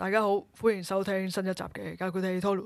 大家好，歡迎收聽新一集嘅《家居天氣透露》，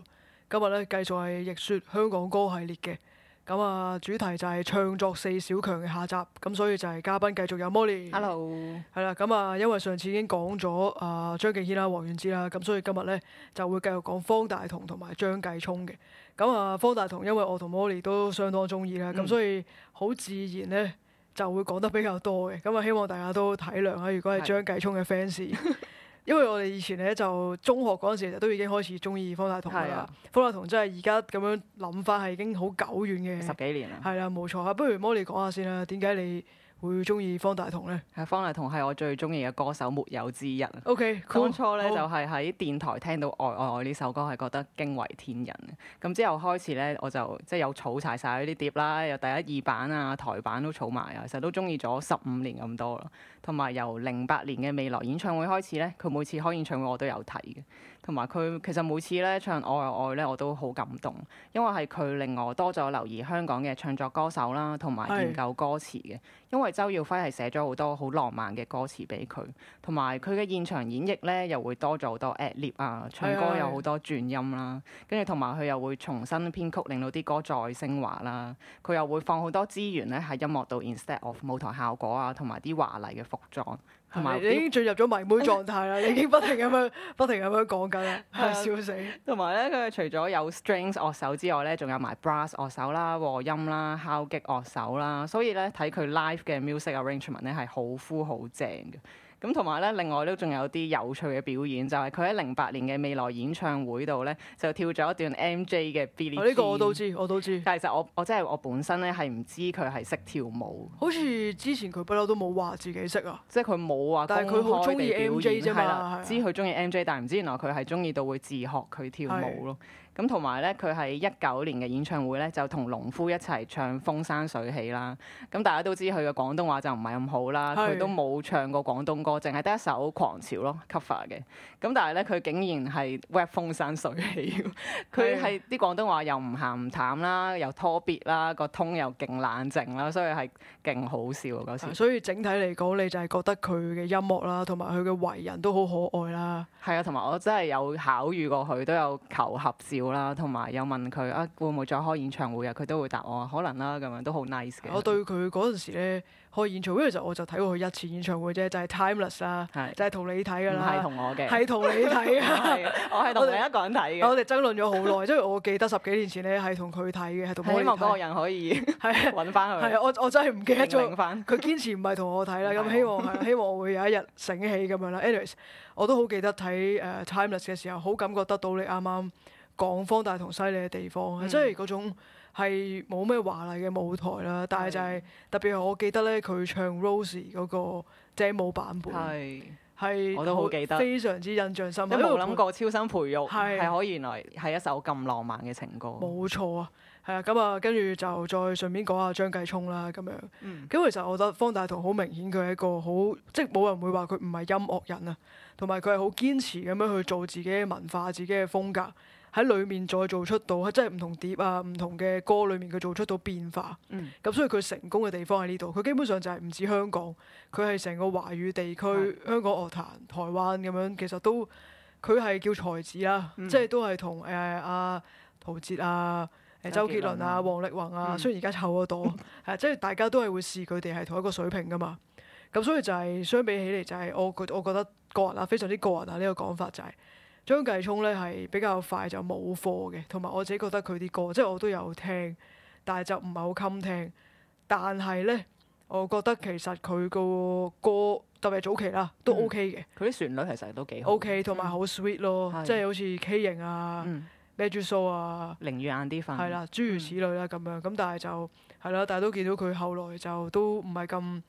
今日咧繼續係逆說香港歌系列嘅，咁啊主題就係唱作四小強嘅下集，咁所以就係嘉賓繼續有 Molly。Hello。係啦，咁啊，因為上次已經講咗啊張敬軒啦、王菀之啦，咁所以今日咧就會繼續講方大同同埋張繼聰嘅，咁啊方大同因為我同 Molly 都相當中意啦，咁所以好自然咧就會講得比較多嘅，咁啊希望大家都體諒啦，如果係張繼聰嘅 fans。的 因為我哋以前咧就中學嗰陣時就都已經開始中意方大同噶啦，方大同真係而家咁樣諗法係已經好久遠嘅，十幾年啦，係啦冇錯啊，不如 Molly 講下先啦，點解你？會中意方大同呢？係方大同係我最中意嘅歌手，沒有之一。OK，cool，當初呢好就係喺電台聽到《愛愛愛》呢首歌，係覺得驚為天人。咁之後開始呢，我就即係、就是、有儲晒曬啲碟啦，有第一二版啊、台版都儲埋啊，其實都中意咗十五年咁多啦。同埋由零八年嘅未來演唱會開始呢，佢每次開演唱會我都有睇嘅。同埋佢其實每次咧唱我愛愛咧，我都好感動，因為係佢令我多咗留意香港嘅唱作歌手啦，同埋研究歌詞嘅。因為周耀輝係寫咗好多好浪漫嘅歌詞俾佢，同埋佢嘅現場演繹咧又會多咗好多 ad lib 啊，唱歌有好多轉音啦，跟住同埋佢又會重新編曲，令到啲歌再升華啦。佢又會放好多資源咧喺音樂度，instead of 舞台效果啊，同埋啲華麗嘅服裝。同埋你已經進入咗迷妹狀態啦！ 你已經不停咁樣、不停咁樣講緊，係笑死的。同埋咧，佢除咗有 strings 樂手之外咧，仲有埋 brass 樂手啦、和音啦、敲擊樂手啦，所以咧睇佢 live 嘅 music arrangement 咧係好 full 好正嘅。咁同埋咧，另外都仲有啲有趣嘅表演，就係佢喺零八年嘅未來演唱會度咧，就跳咗一段 M J 嘅 Billie。啊，呢個我都知，我都知。但係其實我我即係我本身咧係唔知佢係識跳舞。好似之前佢不嬲都冇話自己識啊。即係佢冇話公開地表演。但係佢好中意 M J。係啦，係。知佢中意 M J，但係唔知原來佢係中意到會自學佢跳舞咯。咁同埋咧，佢喺一九年嘅演唱會咧，就同農夫一齊唱《風生水起》啦。咁大家都知佢嘅廣東話就唔係咁好啦，佢是都冇唱過廣東歌，淨係得一首《狂潮》咯 cover 嘅。咁但係咧，佢竟然係 rap《風生水起》，佢係啲廣東話又唔鹹唔淡啦，又拖別啦，個通又勁冷靜啦，所以係勁好笑嗰時。所以整體嚟講你就係覺得佢嘅音樂啦，同埋佢嘅為人都好可愛啦。係啊，同埋我真係有巧遇過佢，都有求合照。啦，同埋有問佢啊，會唔會再開演唱會啊？佢都會答我，可能啦咁樣都好 nice 嘅。我對佢嗰陣時咧開演唱會，其實我就睇過佢一次演唱會啫，就係、是、Timeless 啦是，就係同你睇噶啦，係同我嘅，係同你睇嘅 ，我係同另一個人睇嘅。 我哋們爭論咗好耐，即 因為我記得十幾年前咧係同佢睇嘅，希望嗰個人可以揾翻佢，係 我我真係唔記得咗，佢堅持唔係同我睇啦。咁 希望 希望我會有一日醒起咁樣啦。Anyways，我都好記得睇誒 Timeless 嘅時候，好感覺得到你啱啱。講方大同犀利嘅地方，嗯、即係嗰種係冇咩華麗嘅舞台啦，是但係就係、是、是特別，我記得咧佢唱 Rose 嗰、那個街舞版本，係係是很我都好記得，非常之印象深刻。都冇諗過超生培育係可以原來係一首咁浪漫嘅情歌，冇是錯啊，係啊，咁啊，跟住就再順便講下張繼聰啦，咁樣。咁、嗯、其實我覺得方大同好明顯，佢係一個好即係冇人會話佢唔係音樂人啊，同埋佢係好堅持咁樣去做自己嘅文化、自己嘅風格。喺裏面再做出到，即係唔同碟啊，唔同嘅歌裏面佢做出到變化。咁、嗯、所以佢成功嘅地方喺呢度。佢基本上就係唔止香港，佢係成個華語地區的香港樂壇、台灣咁樣，其實都佢係叫才子啦，嗯、即係都係同誒阿陶喆啊、周杰倫啊、王力宏啊，嗯、雖然而家後嗰代，誒、嗯嗯、即係大家都係會視佢哋係同一個水平噶嘛。咁所以就係相比起嚟，就係我我覺得個人啊，非常之、個人啊呢、呢個講法就係、是。張繼聰咧係比較快就冇貨嘅，同埋我自己覺得佢啲歌，即係我都有聽，但係就唔係好襟聽。但係咧，我覺得其實佢個歌特別係早期啦，都 OK 嘅。佢啲旋律其實都幾 OK，同埋好 sweet 咯，嗯、即係好似 K 型啊、Madness、嗯、啊、寧願晏啲瞓，係啦，諸如此類啦咁樣。咁、嗯嗯、但係就係啦，但係都見到佢後來就都唔係咁。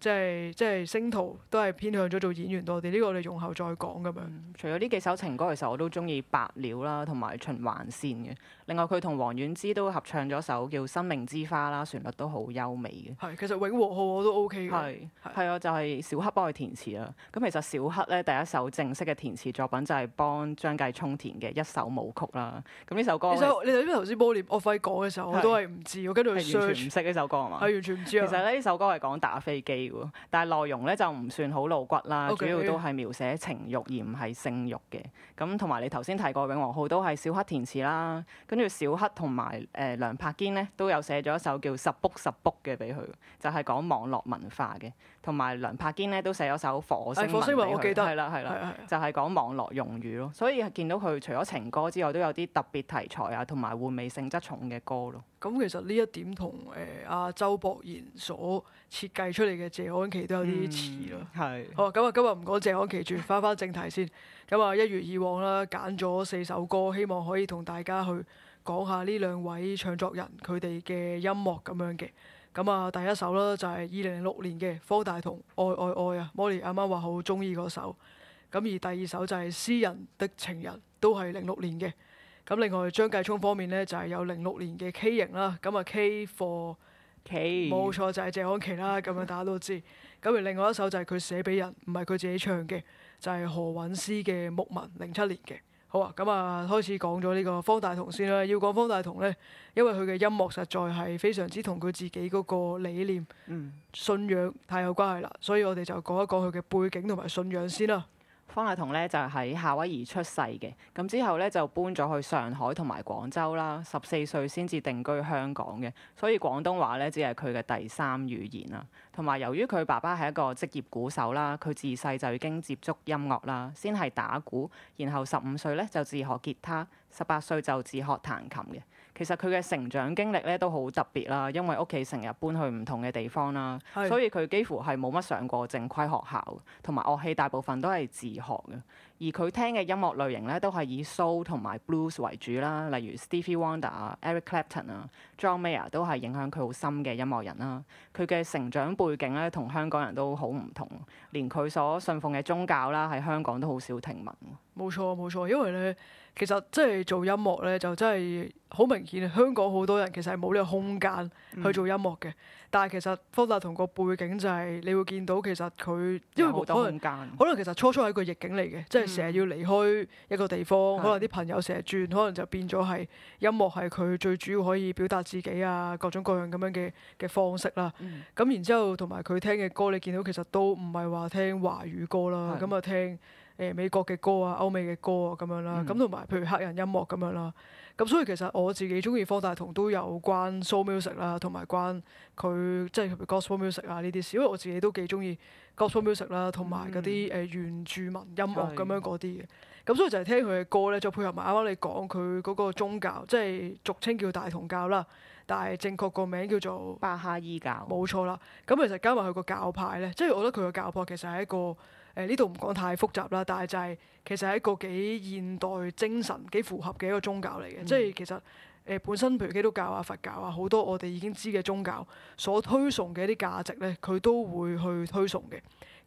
即係即係星途都係偏向咗做演員多啲，呢個我哋容後再講咁樣。除咗呢幾首情歌，其實我都中意白鳥啦，同埋循環線嘅。另外佢同王菀之都合唱咗首叫《生命之花》啦，旋律都好優美嘅。其實永和號我都 OK 嘅。係係啊，就係小黑幫佢填詞啊。咁其實小黑咧第一首正式嘅填詞作品就係幫張繼聰填嘅一首舞曲啦。咁呢首歌，嗎其實你頭先投資我輝講嘅時候，我都係唔知，跟住完全唔識呢首歌啊嘛。係完全唔知。其實咧呢首歌係講打飛機。但係內容咧就唔算好露骨啦，Okay. 主要都係描寫情欲而唔係性欲嘅。咁同埋你頭先提過《永和號》都係小黑填詞啦，跟住小黑同埋誒梁柏堅呢都有寫咗一首叫《十卜十卜》嘅俾佢，就係、是、講網絡文化嘅。同埋梁柏堅呢都寫咗首火星文，火星文，我記得係啦，係啦，就係講網絡用語咯。所以見到佢除咗情歌之外，都有啲特別題材啊，同埋換味性質重嘅歌咯。咁其實呢一點同誒阿周博賢所設計出嚟嘅謝安琪都有啲似咯。係、嗯。好，咁啊今日唔講謝安琪，轉翻翻正題先。咁啊一如以往啦，揀咗四首歌，希望可以同大家去講下呢兩位唱作人佢哋嘅音樂咁樣嘅。咁啊，第一首啦就係二零零六年嘅方大同《愛愛愛》啊，Molly 啱啱話好中意嗰首。咁而第二首就係《詩人的情人》，都係零六年嘅。咁另外張繼聰方面咧 K.，就係有零六年嘅 K 型啦。咁啊，K for K 冇錯就係謝安琪啦，咁樣大家都知。咁而另外一首就係佢寫俾人，唔係佢自己唱嘅，就係何韻詩嘅《木紋》，零七年嘅。好啊，咁啊，開始講咗呢個方大同先啦。要講方大同呢，因為佢嘅音樂實在係非常之同佢自己嗰個理念、嗯、信仰太有關係啦，所以我哋就講一講佢嘅背景同埋信仰先啦。方大同呢，就喺夏威夷出世嘅，咁之後呢，就搬咗去上海同埋廣州啦。十四歲先至定居香港嘅，所以廣東話呢，只係佢嘅第三語言啦。同埋，由於佢爸爸係一個職業鼓手啦，佢自細就已經接觸音樂啦，先係打鼓，然後十五歲咧就自學吉他，十八歲就自學彈琴嘅。其實佢嘅成長經歷咧都好特別啦，因為屋企成日搬去唔同嘅地方啦，所以佢幾乎係冇乜上過正規學校，同埋樂器大部分都係自學嘅。而佢聽嘅音樂類型咧，都係以 soul 同埋 blues 為主啦，例如 Stevie Wonder 啊、Eric Clapton 啊、John Mayer 都係影響佢好深嘅音樂人啦。佢嘅成長背景咧，同香港人都好唔同，連佢所信奉嘅宗教啦，喺香港都好少聽聞。冇錯，冇錯，因為咧。其實即係做音樂咧，就真係好明顯。香港好多人其實係冇呢個空間去做音樂嘅。嗯、但係其實方大同個背景就係、是、你會見到其實佢因為可能間可能其實初初係一個逆境嚟嘅，即係成日要離開一個地方，嗯、可能啲朋友成日轉，可能就變咗係音樂係佢最主要可以表達自己啊各種各樣咁樣嘅嘅方式啦。咁、嗯、然之後同埋佢聽嘅歌，你見到其實都唔係話聽華語歌啦，咁啊、嗯、聽。誒美國嘅歌啊，歐美嘅歌啊，咁樣啦，咁同埋譬如黑人音樂咁樣啦，咁所以其實我自己中意方大同都有關 soul music 啦，同埋關佢即係譬如 gospel music 啊呢啲事，因為我自己都幾中意 gospel music 啦，同埋嗰啲誒原住民音樂咁、嗯、樣嗰啲嘅，咁是所以就係聽佢嘅歌咧，就配合埋啱啱你講佢嗰個宗教，即、就、係、是、俗稱叫大同教啦，但係正確個名叫做巴哈爾教，冇錯啦。咁其實加埋佢個教派咧，即、就、係、是、我覺得佢個教派其實係一個。誒呢度唔講太複雜啦，但係就係其實係一個幾現代精神、幾符合嘅一個宗教嚟嘅，嗯、即係其實誒、呃、本身譬如基督教啊、佛教啊好多我哋已經知嘅宗教所推崇嘅一啲價值咧，佢都會去推崇嘅。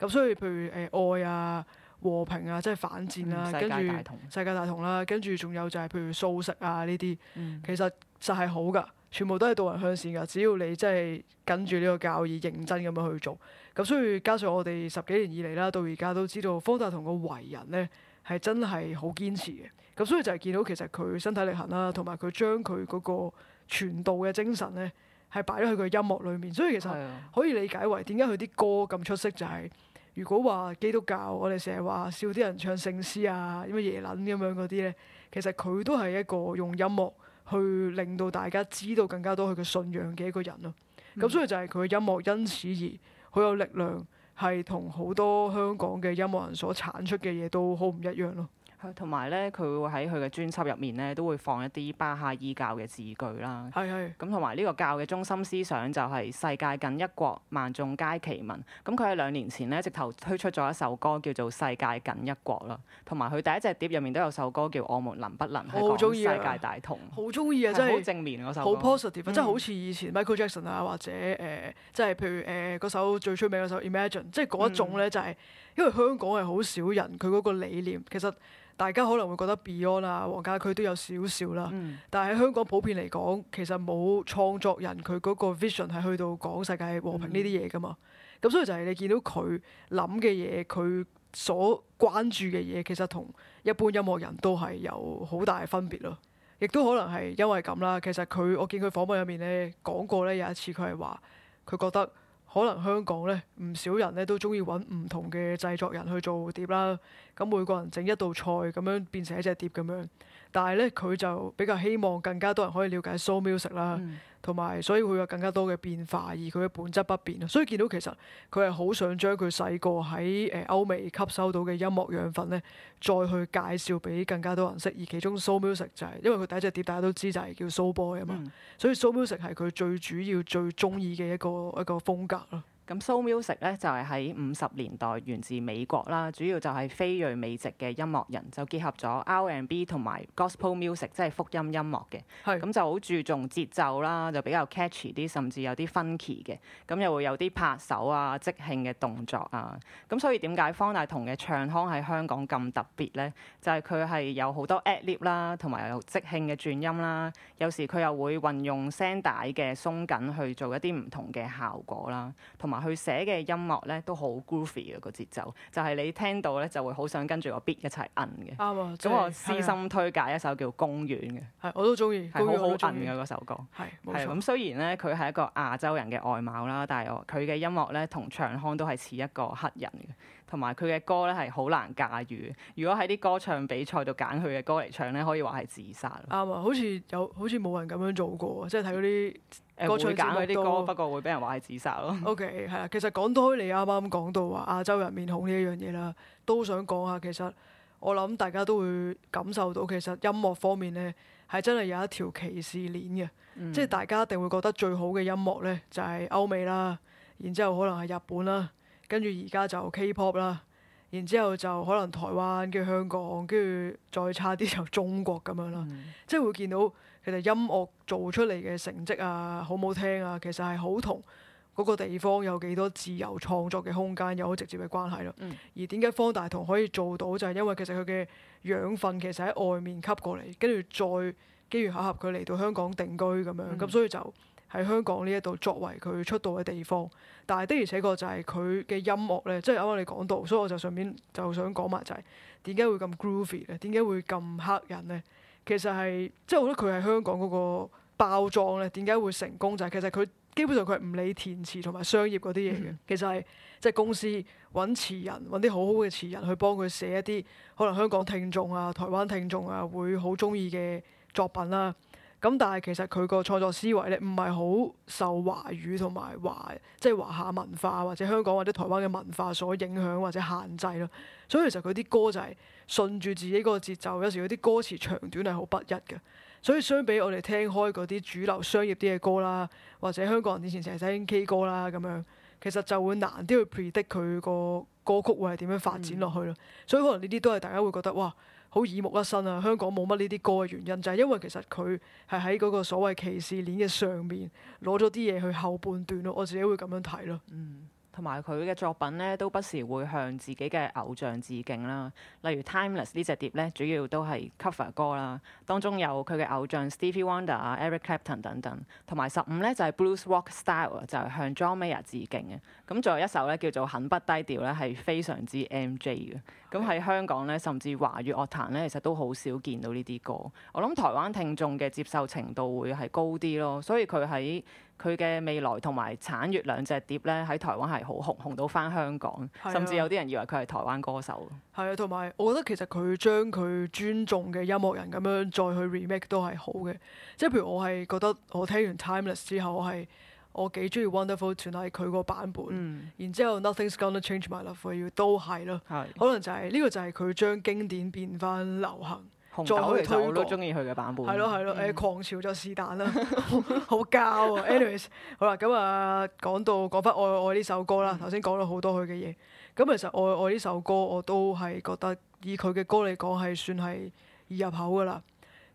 咁所以譬如誒、呃、愛啊、和平啊、即係反戰啊，跟住、嗯、世界大同啦，跟住仲有就係譬如素食啊呢啲，嗯、其實實係好噶，全部都係導人向善噶。只要你即係跟住呢個教義認真咁樣去做。咁所以加上我哋十幾年以嚟啦，到而家都知道方大同個為人咧係真係好堅持嘅。咁所以就係見到其實佢身體力行啦，同埋佢將佢嗰個傳道嘅精神咧係擺咗喺佢音樂裏面。所以其實可以理解為點解佢啲歌咁出色，就係如果話基督教，我哋成日話笑啲人唱聖詩啊，咩耶撚咁樣嗰啲咧，其實佢都係一個用音樂去令到大家知道更加多佢嘅信仰嘅一個人咯。咁所以就係佢嘅音樂因此而。好有力量，係同好多香港嘅音樂人所產出嘅嘢都好唔一樣咯。同埋咧，佢會喺佢嘅專輯入面咧，都會放一啲巴哈伊教嘅字句啦。係係。咁同埋呢個教嘅中心思想就係世界僅一國，萬眾皆其民。咁佢喺兩年前咧，直頭推出咗一首歌叫做《世界僅一國》啦。同埋佢第一隻碟入面都有首歌叫《我們能不能》。好中意。世界大同。好中意啊！真係。好正面嗰首歌 positive, 好 positive，真係好似以前 Michael Jackson 啊，或者誒，即、呃、係、就是、譬如誒嗰、呃、首最出名嗰首《Imagine》，即係嗰一種咧就係、是。 因為香港係好少人，佢嗰個理念其實大家可能會覺得 Beyond 啊、黃家駒都有少少啦，嗯、但係喺香港普遍嚟講，其實冇創作人佢嗰個 vision 係去到講世界和平呢啲嘢噶嘛。咁、嗯、所以就係你見到佢諗嘅嘢，佢所關注嘅嘢，其實同一般音樂人都係有好大分別咯。亦都可能係因為咁啦。其實佢我見佢訪問入面咧講過咧有一次佢係話佢覺得。可能香港咧，唔少人咧都中意揾唔同嘅製作人去做碟啦。咁、嗯、每個人整一道菜，咁樣變成一隻碟咁樣。但係咧，佢就比較希望更加多人可以了解 Soul Music 啦，同埋所以會有更加多嘅變化，而佢嘅本質不變，所以見到其實佢係好想將佢細個喺誒歐美吸收到嘅音樂養分咧，再去介紹俾更加多人識。而其中 Soul Music 就係、是、因為佢第一隻碟大家都知就係叫 Soul Boy 啊嘛，所以 Soul Music 係佢最主要最鍾意嘅一個一個風格咯。咁 soul music 咧就係喺五十年代源自美國啦，主要就係非裔美籍嘅音樂人就結合咗 R&B 同埋 gospel music，即係福音音樂嘅。咁是就好注重節奏啦，就比較 catchy 啲，甚至有啲 funky 嘅。咁又會有啲拍手啊、即興嘅動作啊。咁所以點解方大同嘅唱腔喺香港咁特別咧？就係佢係有好多 ad-lib 啦，同埋有即興嘅轉音啦。有時佢又會運用聲帶嘅鬆緊去做一啲唔同嘅效果啦，同。佢寫嘅音樂咧都好 groovy 嘅個節奏，就係、是、你聽到咧就會好想跟住個 beat 一齊摁嘅。咁、就是、我私心推介一首叫公《公園》嘅很，係我都中意，好好摁嘅嗰首歌。係，冇錯。咁雖然咧佢係一個亞洲人嘅外貌啦，但係我佢嘅音樂咧同唱腔都係似一個黑人嘅。同埋佢嘅歌咧係好難駕馭嘅。如果喺啲歌唱比賽度揀佢嘅歌嚟唱咧，可以話係自殺。啱啊，好似有好似冇人咁樣做過，即係睇嗰啲誒歌唱會揀嗰啲歌，不過會俾人話係自殺咯。O K，係啊，其實講到你啱啱講到話亞洲人面孔呢一樣嘢啦，都想講下其實我諗大家都會感受到其實音樂方面咧係真係有一條歧視鏈嘅，嗯、即係大家一定會覺得最好嘅音樂咧就係、是、歐美啦，然之後可能係日本啦。跟住而家就 K-pop 啦，然之後就可能台灣跟住香港，跟住再差啲就中國咁樣啦。Mm. 即係會見到其實音樂做出嚟嘅成績啊，好唔好聽啊，其實係好同嗰個地方有幾多自由創作嘅空間有好直接嘅關係咯。Mm. 而點解方大同可以做到，就係因為其實佢嘅養分其實喺外面吸過嚟，跟住再機緣巧合佢嚟到香港定居咁樣，咁、mm. 所以就。喺香港呢一度作為佢出道嘅地方，但係的而且確就係佢嘅音樂咧，即係啱啱你講到，所以我就順便就想講埋就係點解會咁 groovy 咧？點解會咁黑人咧？其實係即係我覺得佢喺香港嗰個包裝咧，點解會成功就係其實佢基本上佢係唔理填詞同埋商業嗰啲嘢嘅，其實係即係公司揾詞人揾啲好好嘅詞人去幫佢寫一啲可能香港聽眾啊、台灣聽眾啊會好中意嘅作品啦。咁但係其實佢個創作思維咧，唔係好受華語同埋華即係、就是、華夏文化或者香港或者台灣嘅文化所影響或者限制咯。所以其實佢啲歌就係順住自己嗰個節奏，有時佢啲歌詞長短係好不一嘅。所以相比我哋聽開嗰啲主流商業啲嘅歌啦，或者香港人以前成日聽 K 歌啦咁樣，其實就會難啲去 predict 佢個歌曲會係點樣發展落去咯。嗯、所以可能呢啲都係大家會覺得哇～好耳目一新啊！香港冇乜呢啲歌嘅原因就係因為其實佢係喺嗰個所謂歧視鏈嘅上面攞咗啲嘢去後半段咯，我自己會咁樣睇咯，嗯。同埋佢嘅作品咧，都不時會向自己嘅偶像致敬啦。例如《Timeless》呢隻碟咧，主要都係 cover 歌啦。當中有佢嘅偶像 Stevie Wonder 啊、Eric Clapton 等等。同埋十五咧就係、是、Blues Rock Style，就係向 John Mayer 致敬嘅。咁仲有一首咧叫做《很不低調》咧，係非常之 MJ 嘅。咁喺是的 香港咧，甚至華語樂壇咧，其實都好少見到呢啲歌。我諗台灣聽眾嘅接受程度會係高啲咯。所以佢喺佢嘅未來同埋橙月兩隻碟咧，喺台灣係好紅，紅到翻香港，是的 甚至有啲人以為佢係台灣歌手。係啊，同埋我覺得其實佢將佢尊重嘅音樂人咁樣再去 remake 都係好嘅。即係譬如我係覺得我聽完 Timeless 之後，我係我幾中意 Wonderful Tonight 佢個版本。嗯、然後之後 Nothing's Gonna Change My Love For You 都係咯。是的 可能就係、是、呢、這個就係佢將經典變翻流行。再好推我都中意佢嘅版本，嗯，係咯係咯，誒狂潮就是但啦，好膠啊，anyways，好啦，咁、嗯、啊講到講返愛愛呢首歌啦，頭先、嗯、講咗好多佢嘅嘢，咁、嗯、其實愛愛呢首歌我都係覺得以佢嘅歌嚟講係算係易入口噶啦，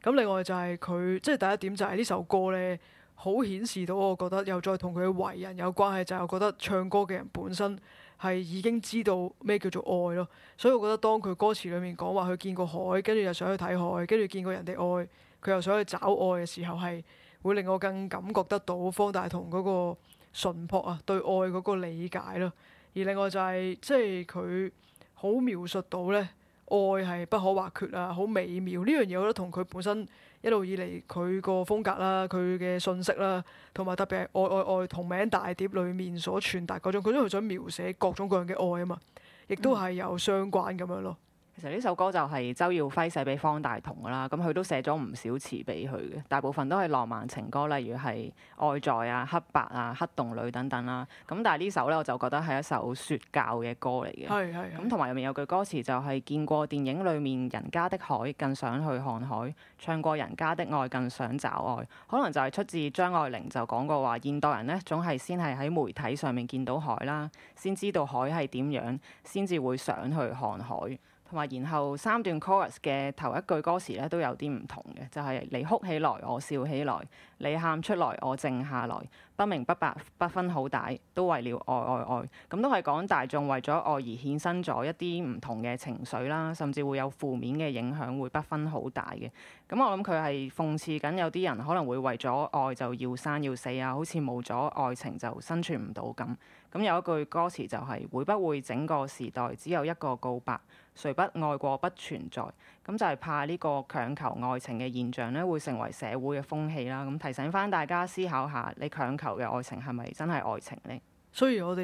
咁另外就係佢即係第一點就係呢首歌咧，好顯示到我覺得又再同佢嘅為人有關係，就係、是、我覺得唱歌嘅人本身。係已經知道咩叫做愛咯，所以我覺得當佢歌詞裡面講話佢見過海，跟住又想去睇海，跟住見過人哋愛，佢又想去找愛嘅時候，係會令我更感覺得到方大同嗰個純樸啊，對愛嗰個理解咯。而另外就係、是、即係佢好描述到咧，愛係不可或缺啊，好美妙呢樣嘢，我覺得同佢本身。一路以嚟佢個風格啦，佢嘅信息啦，同埋特別係愛愛愛同名大碟裏面所傳達嗰種，佢都係想描寫各種各樣嘅愛啊嘛，亦都係有相關咁樣咯。其實呢首歌就係周耀輝寫俾方大同㗎啦。咁佢都寫咗唔少詞俾佢嘅，大部分都係浪漫情歌，例如係愛在啊、黑白啊、黑洞裡等等啦。咁但係呢首呢，我就覺得係一首説教嘅歌嚟嘅。係咁，同埋入面有句歌詞就係見過電影裡面人家的海，更想去看海；唱過人家的愛，更想找愛。可能就係出自張愛玲就講過話，現代人呢，總係先係喺媒體上面見到海啦，先知道海係點樣，先至會想去看海。同埋，然後三段 chorus 嘅頭一句歌詞咧都有啲唔同嘅，就係、是、你哭起來，我笑起來；你喊出來，我靜下來；不明不白，不分好歹，都為了愛愛愛。咁都係講大眾為咗愛而衍生咗一啲唔同嘅情緒啦，甚至會有負面嘅影響，會不分好歹嘅。咁我諗佢係諷刺緊，有啲人可能會為咗愛就要生要死啊，好似冇咗愛情就生存唔到咁。咁有一句歌詞就係：會不會整個時代只有一個告白，誰不愛過不存在？咁就係怕呢個強求愛情嘅現象呢，會成為社會嘅風氣啦。咁提醒翻大家思考下，你強求嘅愛情係咪真係愛情呢？雖然我哋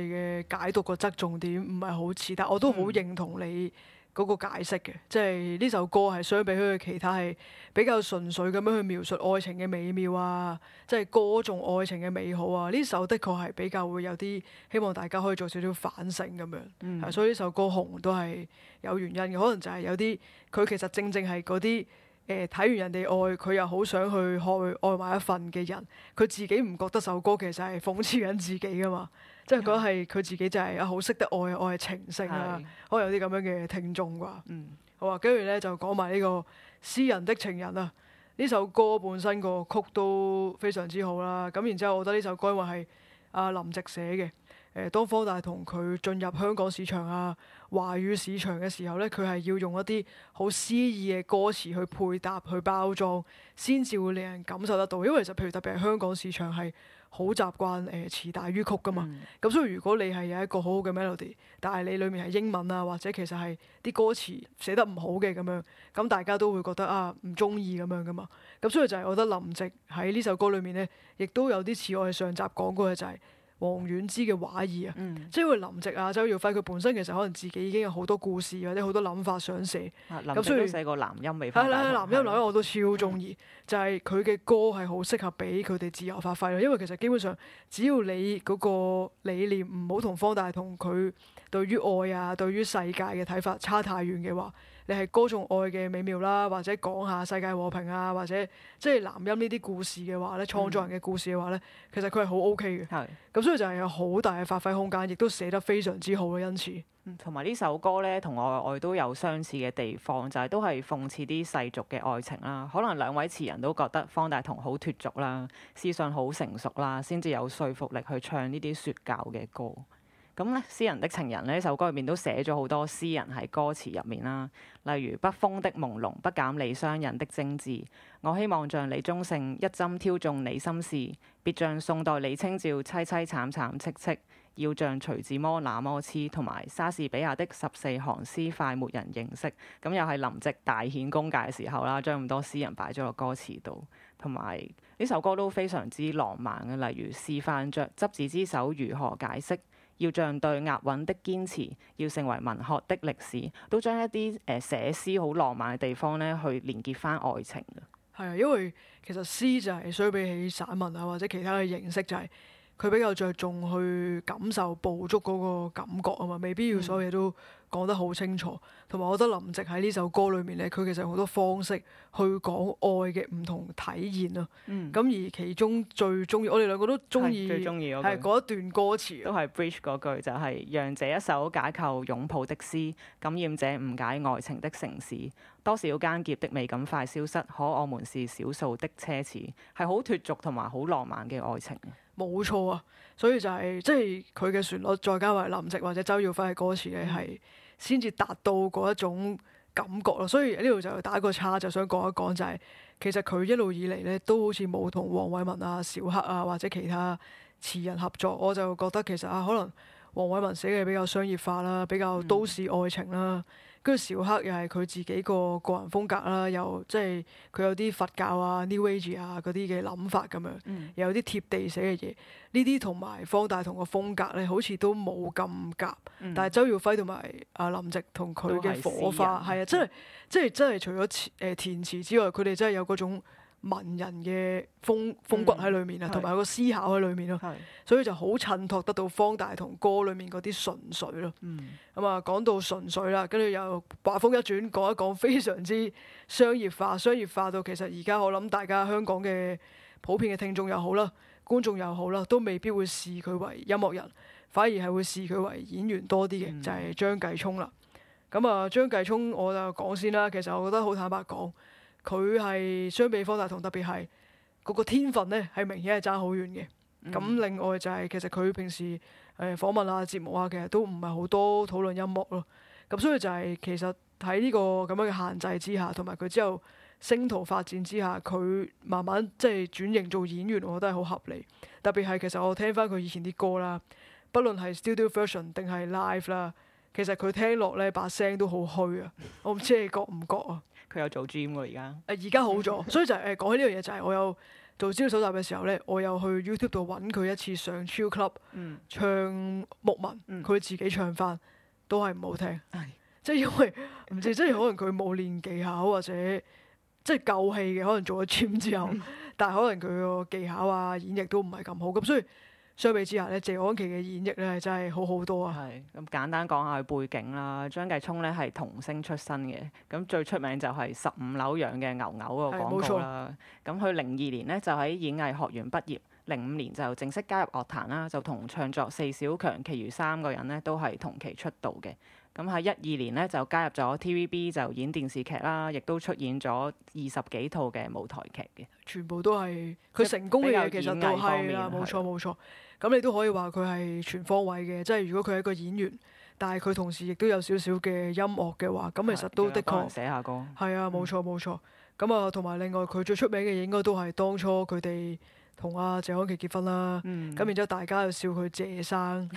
嘅解讀個側重點唔係好似，但我都好認同你。嗰個解釋嘅，即係呢首歌係相比佢其他係比較純粹咁樣去描述愛情嘅美妙啊，即係歌頌愛情嘅美好啊。呢首的確係比較會有啲希望大家可以做少少反省咁樣、嗯，所以呢首歌紅都係有原因嘅，可能就係有啲佢其實正正係嗰啲誒睇完人哋愛佢又好想去愛愛埋一份嘅人，佢自己唔覺得首歌其實係諷刺緊自己㗎嘛。即係覺得係佢自己就係、是嗯、啊，好識得愛愛情聖啊，是可能有啲咁樣嘅聽眾啩。嗯、好啊，跟住咧就講埋呢、這個私人的情人啊。呢首歌本身個曲都非常之好啦、啊。咁然之後，我覺得呢首歌話係阿林夕寫嘅。誒、呃，當方大同佢進入香港市場啊、華語市場嘅時候咧，佢係要用一啲好詩意嘅歌詞去配搭去包裝，先至會令人感受得到。因為其實譬如特別係香港市場係。好習慣誒，詞、呃、大於曲噶嘛。咁、嗯、所以如果你係有一個好好嘅 melody，但係你裡面係英文啊，或者其實係啲歌詞寫得唔好嘅咁樣，咁大家都會覺得啊，唔中意咁樣噶嘛，咁所以就係我覺得林夕喺呢首歌裡面咧，亦都有啲似我哋上集講過嘅就係、是。王菀之嘅畫意啊，嗯、即係林夕啊、周耀輝佢本身其實可能自己已經有好多故事或者好多諗法想寫。咁所以細個男音未？係啦係啦，男音女我都超中意，嗯、就係佢嘅歌係好適合俾佢哋自由發揮咯。因為其實基本上只要你嗰個理念唔好同方大同佢，對於愛啊，對於世界嘅睇法差太遠嘅話，你係歌頌愛嘅美妙啦，或者講下世界和平啊，或者即係男音呢啲故事嘅話咧，創作人嘅故事嘅話咧，其實佢係好 OK 嘅。係咁、嗯，所以就係有好大嘅發揮空間，亦都寫得非常之好嘅。因此，同埋呢首歌咧，同愛愛都有相似嘅地方，就係、是、都係諷刺啲世俗嘅愛情啦。可能兩位詞人都覺得方大同好脫俗啦，思想好成熟啦，先至有說服力去唱呢啲說教嘅歌。咁呢，詩人的情人呢首歌入面都寫咗好多詩人喺歌詞入面啦。例如北風的朦朧不減李商隱的精緻，我希望像李宗盛一針挑中你心事，別像宋代李清照淒淒慘慘戚戚，要像徐志摩那麼癡。同埋莎士比亞的十四行詩快沒人認識，咁又係林夕大顯功界嘅時候啦，將咁多詩人擺咗落歌詞度，同埋呢首歌都非常之浪漫嘅。例如示範著執子之手如何解釋。要像對押韻的堅持，要成為文學的歷史，都將一啲誒、呃、寫詩好浪漫嘅地方咧，去連結返愛情。係啊，因為其實詩就係相比起散文啊，或者其他嘅形式就係、是。佢比較着重去感受捕捉嗰個感覺啊嘛，未必要所有嘢都講得好清楚。同埋我覺得林夕喺呢首歌裏面呢，佢其實有好多方式去講愛嘅唔同體驗啊。咁、嗯、而其中最中意，我哋兩個都中意最中意嗰句，係嗰一段歌詞，都係 Bridge 嗰句，就係、是、讓這一首解構擁抱的詩感染者誤解愛情的城市，多少間劫的美，咁快消失。可我們是少數的奢侈，係好脫俗同埋好浪漫嘅愛情。冇錯啊，所以就係、是、即係佢嘅旋律，再加埋林夕或者周耀輝嘅歌詞嘅係，先至達到嗰一種感覺咯。所以呢度就打個岔，就想講一講就係、是，其實佢一路以嚟咧都好似冇同黃偉文啊、小克啊或者其他詞人合作，我就覺得其實啊，可能黃偉文寫嘅比較商業化啦，比較都市愛情啦。嗯。跟住小克又係佢自己個個人風格啦，又即係佢有啲佛教啊、New Age 啊嗰啲嘅諗法咁樣，嗯、又有啲貼地寫些嘅嘢。呢啲同埋方大同嘅風格咧，好似都冇咁夾。但係周耀輝同埋阿林夕同佢嘅火花，係啊，即係即係真係除咗誒填詞之外，佢哋真係有嗰種。文人嘅風風骨喺裏面啊，同埋、嗯、個思考喺裏面咯，嗯、所以就好襯托得到方大同歌裏面嗰啲純粹咯。咁啊、嗯，講到純粹啦，跟住又畫風一轉，講一講非常之商業化，商業化到其實而家我諗大家香港嘅普遍嘅聽眾又好啦，觀眾又好啦，都未必會視佢為音樂人，反而係會視佢為演員多啲嘅，嗯、就係張繼聰啦。咁啊，張繼聰我就講先啦，其實我覺得好坦白講。佢係相比方大同，特別係嗰個天分咧，係明顯係爭好遠嘅。咁、嗯、另外就係、是、其實佢平時誒、呃、訪問啊、節目啊，其實都唔係好多討論音樂咯。咁所以就係、是、其實喺呢個咁樣嘅限制之下，同埋佢之後星途發展之下，佢慢慢即係轉型做演員，我覺得係好合理。特別係其實我聽翻佢以前啲歌啦，不論係 Studio Version 定係 Live 啦，其實佢聽落咧把聲都好虛啊。我唔知你覺唔覺啊？佢有做 gym 喎，而家。誒而家好咗，所以就係誒講起呢樣嘢就係、是、我有做資料蒐集嘅時候咧，我有去 YouTube 度揾佢一次上 Chill Club、嗯、唱牧民，佢、嗯、自己唱翻都係唔好聽。係唉，即係因為唔知，即、就、係、是、可能佢冇練技巧或者即係夠氣嘅，可能做咗 gym 之後，嗯、但係可能佢個技巧啊，演繹都唔係咁好，咁所以。相比之下咧，謝安琪嘅演繹咧真係好好多啊！係咁簡單講下佢背景啦。張繼聰咧係童星出身嘅，咁最出名就係十五樓養嘅牛牛個廣告啦。咁佢零二年呢就喺演藝學院畢業，零五年就正式加入樂壇啦。就同唱作四小強，其餘三個人呢都係同期出道嘅。咁喺一二年呢，就加入咗 TVB 就演電視劇啦，亦都出演咗二十幾套嘅舞台劇嘅，全部都係佢成功嘅嘢，其實都係啦，冇錯冇錯。咁你都可以話佢係全方位嘅，即係如果佢係一個演員，但係佢同時亦都有少少嘅音樂嘅話，咁其實都的確寫下歌，係啊，冇錯冇錯。咁啊、嗯，同埋另外佢最出名嘅嘢應該都係當初佢哋，同阿謝安琪結婚啦，咁、嗯、然之後大家又笑佢謝生，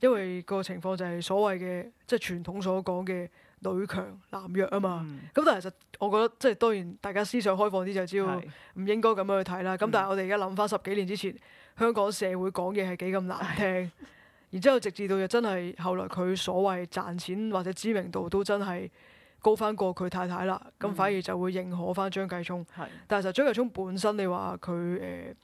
因為個情況就係所謂嘅即係傳統所講嘅女強男弱啊嘛。咁、嗯、但係其實我覺得即係當然大家思想開放啲就係知道唔是應該咁樣去睇啦。咁但係我哋而家諗翻十幾年之前香港社會講嘢係幾咁難聽，是然之後直至到就真係後來佢所謂賺錢或者知名度都真係高翻過佢太太啦，咁、嗯、反而就會認可翻張繼聰。是但係其實張繼聰本身你話佢誒？呃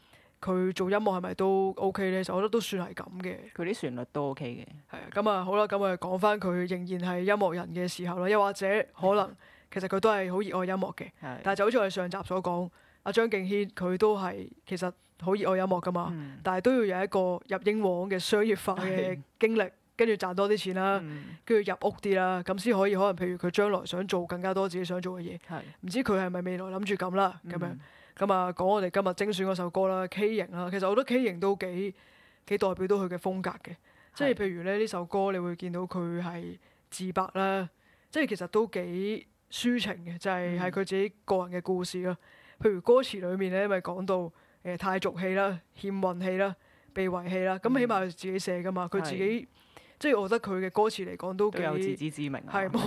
佢做音樂係咪都 OK 呢？其實我覺得都算係咁嘅。佢啲旋律都 OK 嘅。係啊，咁啊好啦，咁啊講翻佢仍然係音樂人嘅時候啦，又或者可能其實佢都係好熱愛音樂嘅。係。但係就好似我哋上集所講，阿張敬軒佢都係其實好熱愛音樂噶嘛。嗯、但係都要有一個入英皇嘅商業化嘅經歷，跟住係、賺多啲錢啦，跟住、嗯、入屋啲啦，咁先可以可能譬如佢將來想做更加多自己想做嘅嘢。係。唔知佢係咪未來諗住咁啦？咁樣。嗯嗯咁啊，講我哋今日精選嗰首歌啦，K 型啦，其實我覺得 K 型都幾幾代表到佢嘅風格嘅，是即係譬如咧呢首歌，你會見到佢係自白啦，即係其實都幾抒情嘅，就係係佢自己個人嘅故事咯。嗯、譬如歌詞裏面咧，咪講到誒太俗氣啦、欠運氣啦、被遺棄啦，咁起碼佢自己寫噶嘛，佢、嗯、自己是即係我覺得佢嘅歌詞嚟講都幾有自知之明啊，係冇，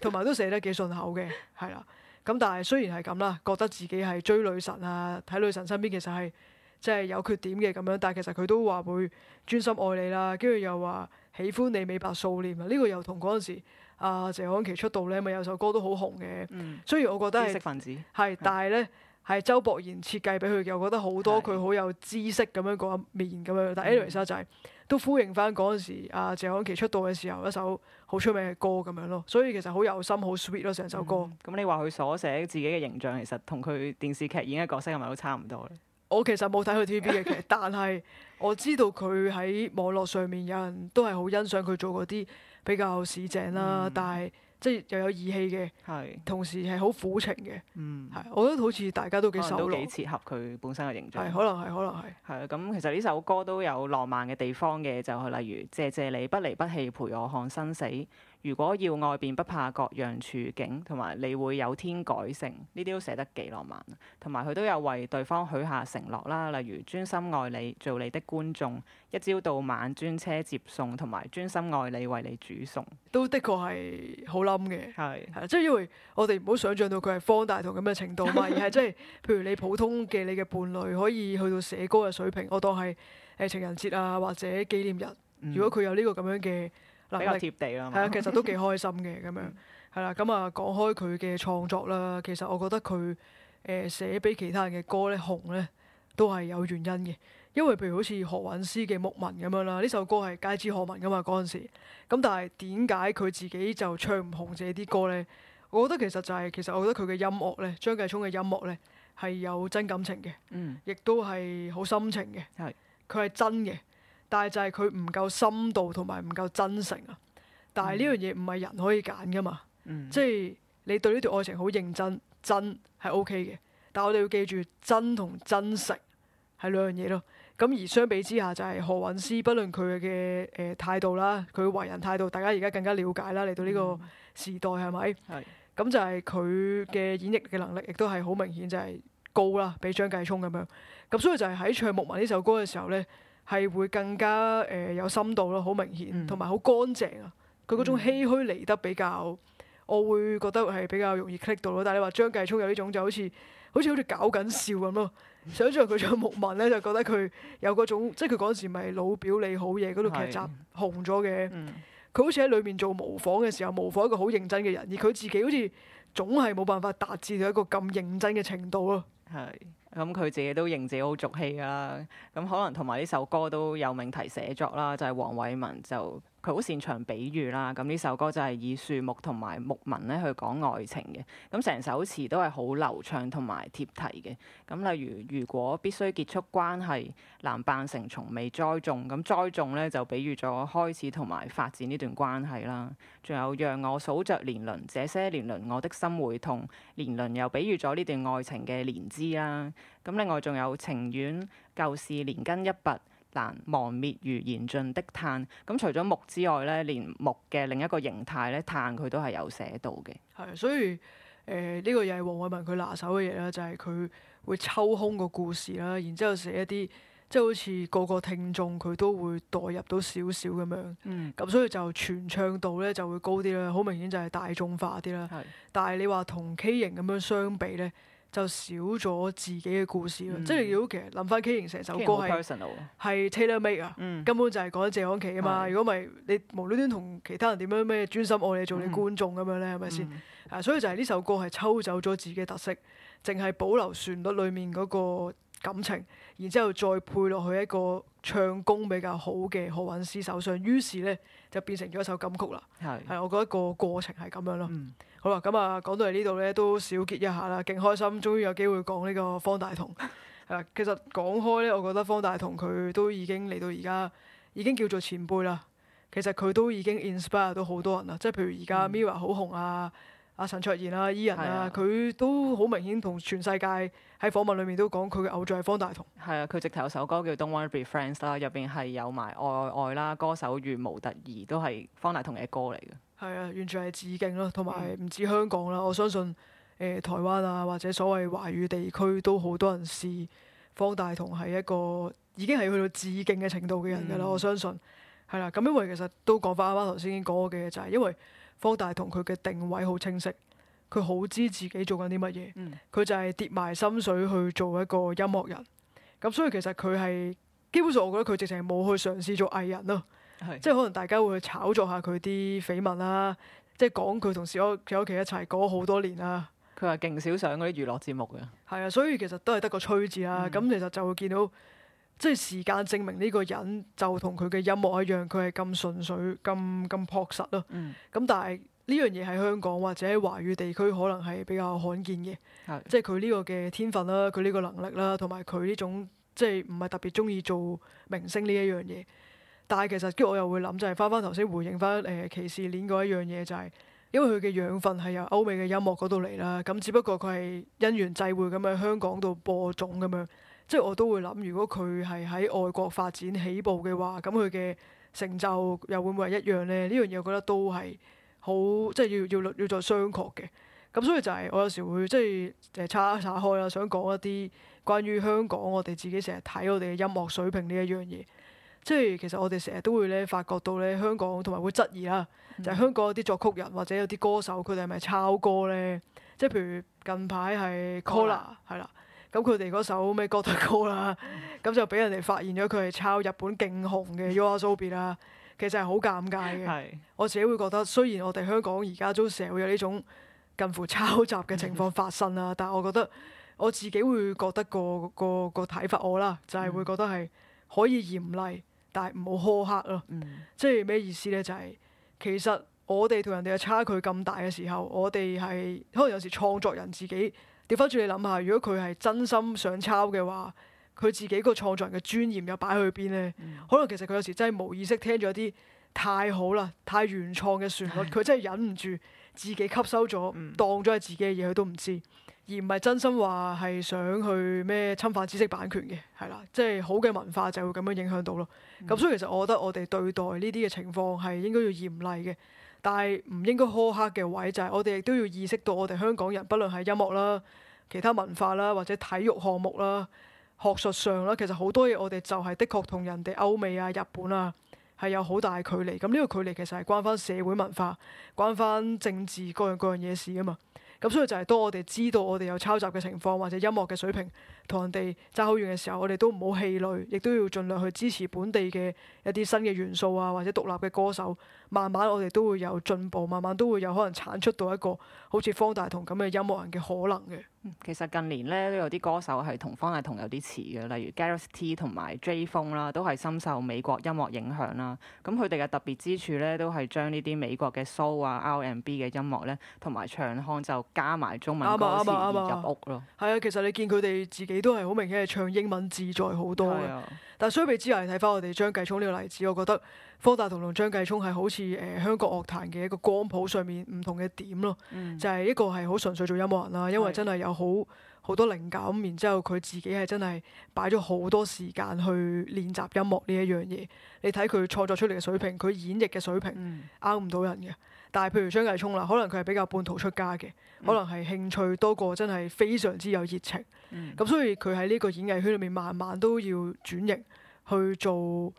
同埋都寫得幾順口嘅，係啦。咁但係雖然係咁啦，覺得自己係追女神啊，睇女神身邊其實係即係有缺點嘅咁樣，但係其實佢都話會專心愛你啦，跟住又話喜歡你美白素臉啊，呢個又同嗰陣時阿謝安琪出道咧，咪有首歌都好紅嘅，嗯、雖然我覺得係知識分子，係，但係咧。嗯係周博賢設計俾佢，我覺得好多佢好有知識咁樣嗰一面咁樣。的但係 anyway 就係、是、都呼應翻嗰陣時，阿、啊、謝安琪出道嘅時候一首好出名嘅歌咁樣咯。所以其實好有心，好 sweet 咯成首歌。咁、嗯嗯、你話佢所寫自己嘅形象，其實同佢電視劇演嘅角色係咪都差唔多咧？我其實冇睇佢 TVB 嘅劇， 但係我知道佢喺網絡上面有人都係好欣賞佢做嗰啲比較市井啦。嗯、但係。即係又有義氣嘅，係同時係好苦情嘅，係、嗯、我覺得好似大家都幾受落，都幾切合佢本身嘅形象。係可能係可能係。係啊，咁其實呢首歌都有浪漫嘅地方嘅，就係、係、例如謝謝你不離不棄陪我看生死。如果要外邊不怕各樣處境，同埋你會有天改性，呢啲都寫得幾浪漫。同埋佢都有為對方許下承諾啦，例如專心愛你，做你的觀眾，一朝到晚專車接送，同埋專心愛你，為你煮餸，都的確係好冧嘅。係是，係即係因為我哋唔好想象到佢係方大同咁嘅程度嘛， 而係即係，譬如你普通嘅你嘅伴侶可以去到寫歌嘅水平，我當係誒情人節啊或者紀念日，嗯、如果佢有呢個咁樣嘅。比較貼地啦，係啊，其實都幾開心嘅咁樣，係啦，咁啊講開佢嘅創作啦，其實我覺得佢誒、呃、寫俾其他人嘅歌咧紅咧都係有原因嘅，因為譬如好似何韻詩嘅《牧民》咁樣啦，呢首歌係街知巷聞噶嘛，嗰陣時，咁但係點解佢自己就唱唔紅自己啲歌咧？我覺得其實就係、是、其實我覺得佢嘅音樂咧，張繼聰嘅音樂咧係有真感情嘅，亦都係好深情嘅，係佢係真嘅。但係就係佢唔夠深度同埋唔夠真誠啊！但係呢樣嘢唔係人可以揀噶嘛，即係、嗯、你對呢段愛情好認真，真係 O K 嘅。但係我哋要記住真同真誠係兩樣嘢咯。咁而相比之下，就係何韻詩，不論佢嘅誒態度啦，佢為人態度，大家而家更加了解啦。嚟到呢個時代係咪？係咁就係佢嘅演繹嘅能力，亦都係好明顯就係高啦，比張繼聰咁樣。咁所以就係喺《唱木紋》呢首歌嘅時候咧。係會更加誒、呃、有深度咯，好明顯，同埋好乾淨啊！佢嗰種唏噓嚟得比較，嗯、我會覺得係比較容易 click 到咯。但係你話張繼聰有呢種就好似好似好似搞緊笑咁咯。想象佢做木文咧，就覺得佢有嗰種，即係佢嗰時咪老表你好嘢嗰套劇集紅咗嘅。佢、嗯、好似喺裏面做模仿嘅時候，模仿一個好認真嘅人，而佢自己好似總係冇辦法達至到一個咁認真嘅程度咯。係。咁佢自己都認自己好俗氣啦，咁可能同埋呢首歌都有命題寫作啦，就係黃偉文就。佢好擅長比喻啦，咁呢首歌就係以樹木同埋木紋咧去講愛情嘅，咁成首詞都係好流暢同埋貼題嘅。咁例如，如果必須結束關係，難扮成從未栽種，咁栽種咧就比喻咗開始同埋發展呢段關係啦。仲有讓我數着年輪，這些年輪我的心會痛，年輪又比喻咗呢段愛情嘅年資啦。咁另外仲有情願舊事連根一拔。難忘滅如燃盡的炭，咁除咗木之外咧，連木嘅另一個形態咧，炭佢都係有寫到嘅。係，所以誒呢、呃這個又係黃偉文佢拿手嘅嘢啦，就係、是、佢會抽空個故事啦，然之後寫一啲即係好似個個聽眾佢都會代入到少少咁樣。嗯，咁所以就傳唱度咧就會高啲啦，好明顯就係大眾化啲啦。的但係你話同 K 型咁樣相比咧？就少咗自己嘅故事咯，嗯、即係如果其實諗翻 K 型成首歌係係 tailor made 啊，根本就係講謝安琪啊嘛，如果唔係你無端端同其他人點樣咩專心愛你做你觀眾咁樣咧，係咪先？係係嗯、啊，所以就係呢首歌係抽走咗自己特色，淨係保留旋律裡面嗰個感情，然之後再配落去一個唱功比較好嘅何韻詩手上，於是咧就變成咗一首金曲啦。係的，係我覺得個過程係咁樣咯。嗯嗯。好啦，咁啊，講到嚟呢度咧，都小結一下啦，勁開心，終於有機會講呢個方大同。誒， 其實講開咧，我覺得方大同佢都已經嚟到而家，已經叫做前輩啦。其實佢都已經 inspire 到好多人啦，即係譬如而家 m i r a 好紅啊，阿陳卓賢啊，伊人啊，佢、嗯、都好明顯同全世界喺訪問裏面都講佢嘅偶像係方大同。係啊，佢直頭有首歌叫《Don't Want t、Wanna、Be Friends》啦，入邊係有埋愛愛愛啦，歌手與模特兒都係方大同嘅歌嚟嘅。係啊，完全係致敬咯，同埋唔止香港啦。嗯、我相信誒、呃、台灣啊，或者所謂華語地區都好多人視方大同係一個已經係去到致敬嘅程度嘅人㗎啦。我相信係啦。咁因為其實都講翻啱啱頭先已經講嘅嘢，就係、是、因為方大同佢嘅定位好清晰，佢好知自己做緊啲乜嘢。佢、嗯、就係跌埋心水去做一個音樂人。咁所以其實佢係基本上，我覺得佢直情係冇去嘗試做藝人咯。即係可能大家會炒作下佢啲緋聞啦，即係講佢同小哥佢屋企一齊過好多年啦。佢話勁少上嗰啲娛樂節目嘅，係啊，所以其實都係得個吹字啦。咁、嗯、其實就會見到即係、就是、時間證明呢個人就同佢嘅音樂一樣，佢係咁純粹、咁咁樸實咯。咁、嗯、但係呢樣嘢喺香港或者華語地區可能係比較罕見嘅，的即係佢呢個嘅天分啦，佢呢個能力啦，同埋佢呢種即係唔係特別中意做明星呢一樣嘢。但係其實，跟住我又會諗，就係翻返頭先回應翻誒歧視鏈嗰一樣嘢、就係，就係因為佢嘅養分係由歐美嘅音樂嗰度嚟啦。咁只不過佢係因緣際會咁喺香港度播種咁樣，即係我都會諗，如果佢係喺外國發展起步嘅話，咁佢嘅成就又會唔會係一樣咧？呢樣嘢我覺得都係好，即係要要要再商榷嘅。咁所以就係我有時會即係叉一叉開啦，想講一啲關於香港我哋自己成日睇我哋嘅音樂水平呢一樣嘢。即係其實我哋成日都會咧發覺到咧香港同埋會質疑啦，就係、是、香港有啲作曲人或者有啲歌手佢哋係咪抄歌咧？即係譬如近排係 Cola 係啦，咁佢哋嗰首咩《Gods》啦，咁、mm hmm. 就俾人哋發現咗佢係抄日本勁紅嘅《YOASOBI》啦， 其實係好尷尬嘅。我自己會覺得，雖然我哋香港而家都成日會有呢種近乎抄襲嘅情況發生啦，但係我覺得我自己會覺得個個個睇法我啦，就係、是、會覺得係可以嚴厲。但唔好苛刻咯，即係咩意思呢？就係、是、其實我哋同人哋嘅差距咁大嘅時候，我哋係可能有時創作人自己掉返轉，你諗下，如果佢係真心想抄嘅話，佢自己個創作人嘅尊嚴又擺去邊呢？可能其實佢有時真係無意識聽咗啲太好啦、太原創嘅旋律，佢真係忍唔住自己吸收咗，當咗係自己嘅嘢，佢都唔知。而唔係真心話係想去咩侵犯知識版權嘅，係啦，即係好嘅文化就會咁樣影響到咯。咁所以其實我覺得我哋對待呢啲嘅情況係應該要嚴厲嘅，但係唔應該苛刻嘅位就係，我哋亦都要意識到，我哋香港人，不論係音樂啦、其他文化啦、或者體育項目啦、學術上啦，其實好多嘢我哋就係的確同人哋歐美啊、日本啊係有好大距離。咁呢個距離其實係關翻社會文化、關翻政治各樣各樣嘢事啊嘛。咁所以就係當我哋知道我哋有抄襲嘅情況，或者音樂嘅水平，同人哋爭好遠嘅時候，我哋都唔好氣餒，亦都要盡量去支持本地嘅一啲新嘅元素啊，或者獨立嘅歌手。慢慢我哋都會有進步，慢慢都會有可能產出到一個好似方大同咁嘅音樂人嘅可能嘅、嗯。其實近年咧都有啲歌手係同方大同有啲似嘅，例如 Gareth T 同埋 Jay Fung 啦，都係深受美國音樂影響啦。咁佢哋嘅特別之處咧，都係將呢啲美國嘅 soul 啊、R&B 嘅音樂咧，同埋唱腔就加埋中文歌詞入屋咯。啱啊！啱啊！啱啊！係啊，其實你見佢哋自己。亦都係好明顯係唱英文自在好多嘅。的但相比之下，睇翻，我哋張繼聰呢個例子，我覺得方大同同張繼聰係好似誒、呃、香港樂壇嘅一個光譜上面唔同嘅點咯，嗯，就係一個係好純粹做音樂人啦，因為真係有好好多靈感，然之後佢自己係真係擺咗好多時間去練習音樂呢一樣嘢。你睇佢創作出嚟嘅水平，佢演繹嘅水平，呃唔、嗯、到人嘅。但係，譬如張繼聰啦，可能佢係比較半途出家嘅，嗯、可能係興趣多過真係非常之有熱情。咁、嗯、所以佢喺呢個演藝圈裏面慢慢都要轉型去做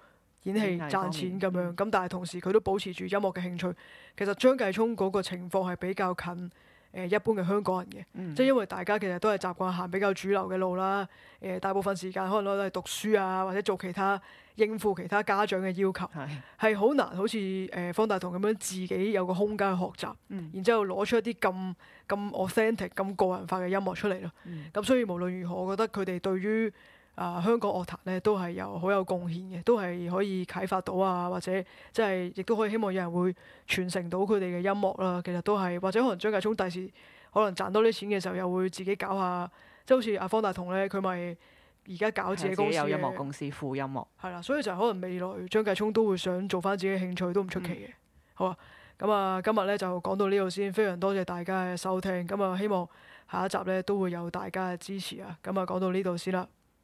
演戲演賺錢咁樣。咁但係同時佢都保持住音樂嘅興趣。其實張繼聰嗰個情況係比較近，誒一般嘅香港人嘅，即係因為大家其實都係習慣行比較主流嘅路啦。誒、呃、大部分時間可能攞嚟讀書啊，或者做其他應付其他家長嘅要求，係是好難好似誒方大同咁樣自己有個空間去學習，嗯、然之後攞出一啲咁咁 authentic、咁 auth 個人化嘅音樂出嚟咯。咁、嗯、所以無論如何，我覺得佢哋對於啊！香港樂壇咧都係有好有貢獻嘅，都係可以啟發到啊，或者即係亦都可以希望有人會傳承到佢哋嘅音樂啦。其實都係或者可能張繼聰第時可能賺多啲錢嘅時候，又會自己搞下，即係好似阿方大同咧，佢咪而家搞自己公司，有音樂公司負音樂係啦。所以就可能未來張繼聰都會想做翻自己興趣，都唔出奇嘅。嗯、好啊，咁啊，今日咧就講到呢度先。非常多謝大家嘅收聽，咁啊，希望下一集咧都會有大家嘅支持啊。咁啊，講到呢度先啦。